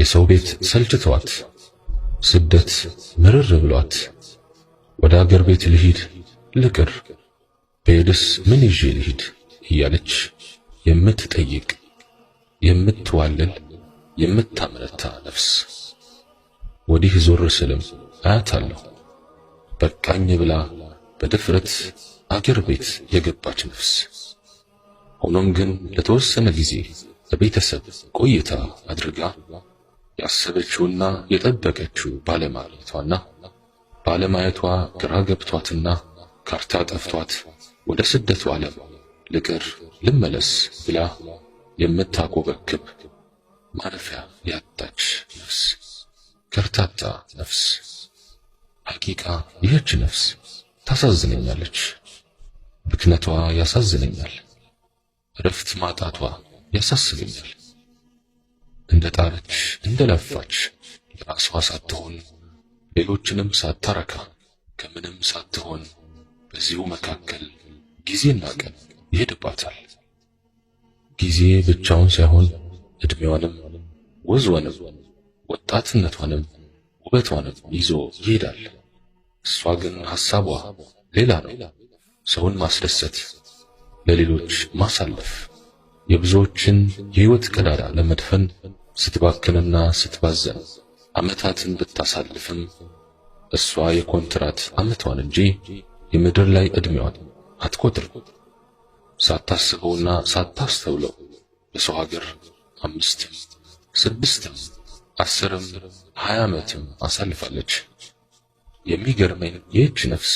የሰው ቤት ሰልችቷት ስደት ምርር ብሏት፣ ወደ አገር ቤት ልሂድ ልቅር፣ በሄድስ ምን ይዤ ልሂድ እያለች የምትጠይቅ የምትዋልል የምታመነታ ነፍስ ወዲህ ዞር ስልም አያታለሁ። በቃኝ ብላ በድፍረት አገር ቤት የገባች ነፍስ። ሆኖም ግን ለተወሰነ ጊዜ ለቤተሰብ ቆይታ አድርጋ ያሰበችውና የጠበቀችው ባለማግኘቷና ባለማየቷ ግራ ገብቷትና ካርታ ጠፍቷት ወደ ስደቱ ዓለም ልቅር ልመለስ ብላ የምታኮበክብ ማረፊያ ያጣች ነፍስ፣ ከርታታ ነፍስ። ሐቂቃ ይህች ነፍስ ታሳዝነኛለች። ብክነቷ ያሳዝነኛል። እረፍት ማጣቷ ያሳስበኛል። እንደ ጣረች እንደ ለፋች ራሷ ሳትሆን ሌሎችንም ሳታረካ ከምንም ሳትሆን በዚሁ መካከል ጊዜና ቀን ይሄድባታል። ጊዜ ብቻውን ሳይሆን እድሜዋንም ወዝዋንም ወጣትነቷንም ውበቷንም ይዞ ይሄዳል። እሷ ግን ሐሳቧ ሌላ ነው። ሰውን ማስደሰት፣ ለሌሎች ማሳለፍ፣ የብዙዎችን የህይወት ቀዳዳ ለመድፈን ስትባክንና ስትባዘን ዓመታትን ብታሳልፍም እሷ የኮንትራት ዓመቷን እንጂ የምድር ላይ ዕድሜዋን አትቆጥር። ሳታስበውና ሳታስተውለው በሰው ሀገር አምስትም ስድስትም አስርም ሃያ ዓመትም አሳልፋለች። የሚገርመኝ ይህች ነፍስ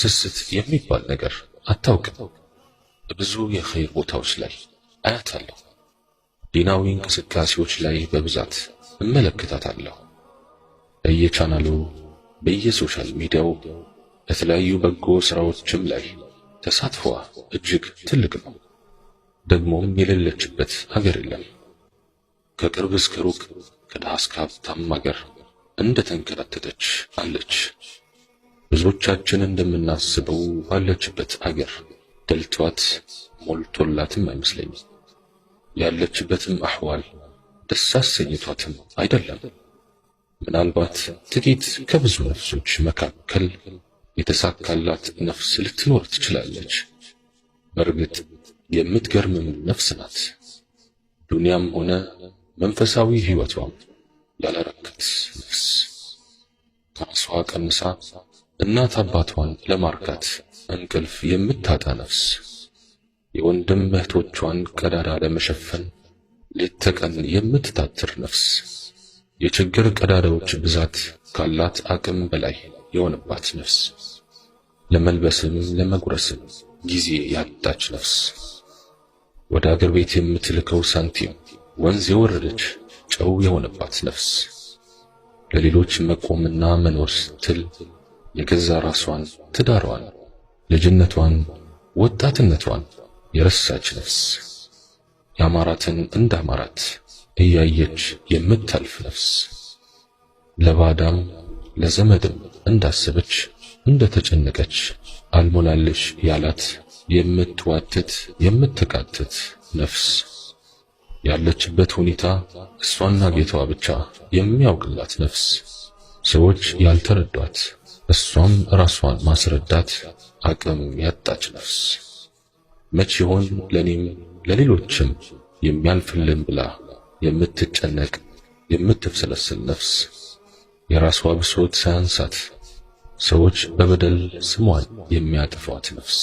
ስስት የሚባል ነገር አታውቅም። ብዙ የኸይር ቦታዎች ላይ አያታለሁ። ዲናዊ እንቅስቃሴዎች ላይ በብዛት እመለከታታለሁ። በየቻናሉ በየሶሻል ሚዲያው በተለያዩ በጎ ስራዎችም ላይ ተሳትፏ እጅግ ትልቅ ነው። ደግሞም የሌለችበት ሀገር የለም። ከቅርብ እስከ ሩቅ ከድሃ እስከ ሀብታም ሀገር እንደ ተንከራተተች አለች። ብዙዎቻችን እንደምናስበው ባለችበት አገር ደልቷት ሞልቶላትም አይመስለኝም። ያለችበትም አህዋል ደስ አሰኝቷትም አይደለም። ምናልባት ጥቂት ከብዙ ነፍሶች መካከል የተሳካላት ነፍስ ልትኖር ትችላለች። በእርግጥ የምትገርምም ነፍስ ናት። ዱንያም ሆነ መንፈሳዊ ሕይወቷም ያላረከት ነፍስ ከራሷ ቀንሳ እናት አባቷን ለማርካት እንቅልፍ የምታጣ ነፍስ የወንድም እህቶቿን ቀዳዳ ለመሸፈን ሌት ተቀን የምትታትር ነፍስ የችግር ቀዳዳዎች ብዛት ካላት አቅም በላይ የሆነባት ነፍስ ለመልበስም ለመጉረስም ጊዜ ያጣች ነፍስ ወደ አገር ቤት የምትልከው ሳንቲም ወንዝ የወረደች ጨው የሆነባት ነፍስ ለሌሎች መቆምና መኖር ስትል የገዛ ራሷን ትዳሯን ልጅነቷን ወጣትነቷን የረሳች ነፍስ ያማራትን እንዳማራት እያየች የምታልፍ ነፍስ ለባዳም ለዘመድም እንዳሰበች እንደተጨነቀች አልሞላልሽ ያላት የምትዋትት የምትቃትት ነፍስ ያለችበት ሁኔታ እሷና ጌታዋ ብቻ የሚያውቅላት ነፍስ ሰዎች ያልተረዷት እሷም ራሷን ማስረዳት አቅም ያጣች ነፍስ መች ይሆን ለኔም ለሌሎችም የሚያልፍልን ብላ የምትጨነቅ የምትብሰለስል ነፍስ የራስዋ ብሶት ሳያንሳት ሰዎች በበደል ስሟን የሚያጠፏት ነፍስ፣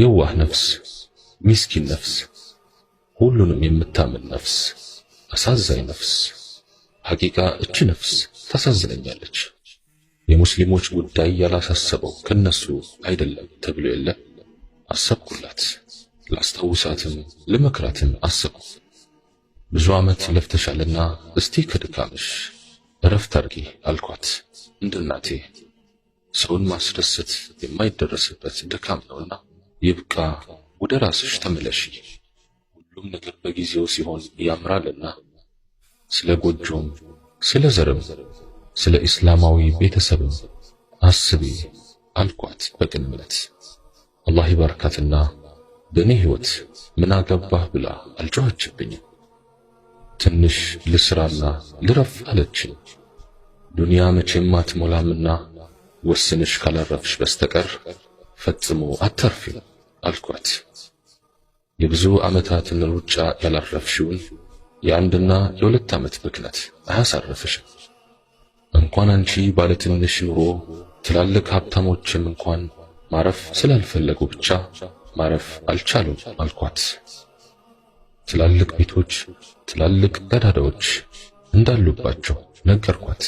የዋህ ነፍስ፣ ሚስኪን ነፍስ፣ ሁሉንም የምታምን ነፍስ፣ አሳዛኝ ነፍስ። ሐቂቃ እች ነፍስ ታሳዝነኛለች። የሙስሊሞች ጉዳይ ያላሳሰበው ከነሱ አይደለም ተብሎ የለም። አሰብኩላት። ላስታውሳትም ልመክራትም አሰብኩ። ብዙ ዓመት ለፍተሻልና እስቲ ከድካምሽ እረፍት አርጊ አልኳት። እንደ እናቴ ሰውን ማስደሰት የማይደረስበት ድካም ነውና ይብቃ፣ ወደ ራስሽ ተመለሺ። ሁሉም ነገር በጊዜው ሲሆን ያምራልና ስለ ጎጆም፣ ስለ ዘርም፣ ስለ ኢስላማዊ ቤተሰብም አስቢ አልኳት በቅንነት። አላህ ይባርካትና በእኔ ህይወት ምን አገባህ ብላ አልጮኸችብኝም። ትንሽ ልስራና ልረፍ አለችኝ። ዱንያ መቼም አትሞላምና ወስንሽ ካላረፍሽ በስተቀር ፈጽሞ አታርፊም አልኳት። የብዙ ዓመታትን ሩጫ ያላረፍሽውን የአንድና የሁለት ዓመት ብክነት አያሳረፍሽም። እንኳን አንቺ ባለትንሽ ኑሮ ትላልቅ ሀብታሞችም እንኳን ማረፍ ስላልፈለጉ ብቻ ማረፍ አልቻሉም አልኳት። ትላልቅ ቤቶች፣ ትላልቅ ቀዳዳዎች እንዳሉባቸው ነገርኳት።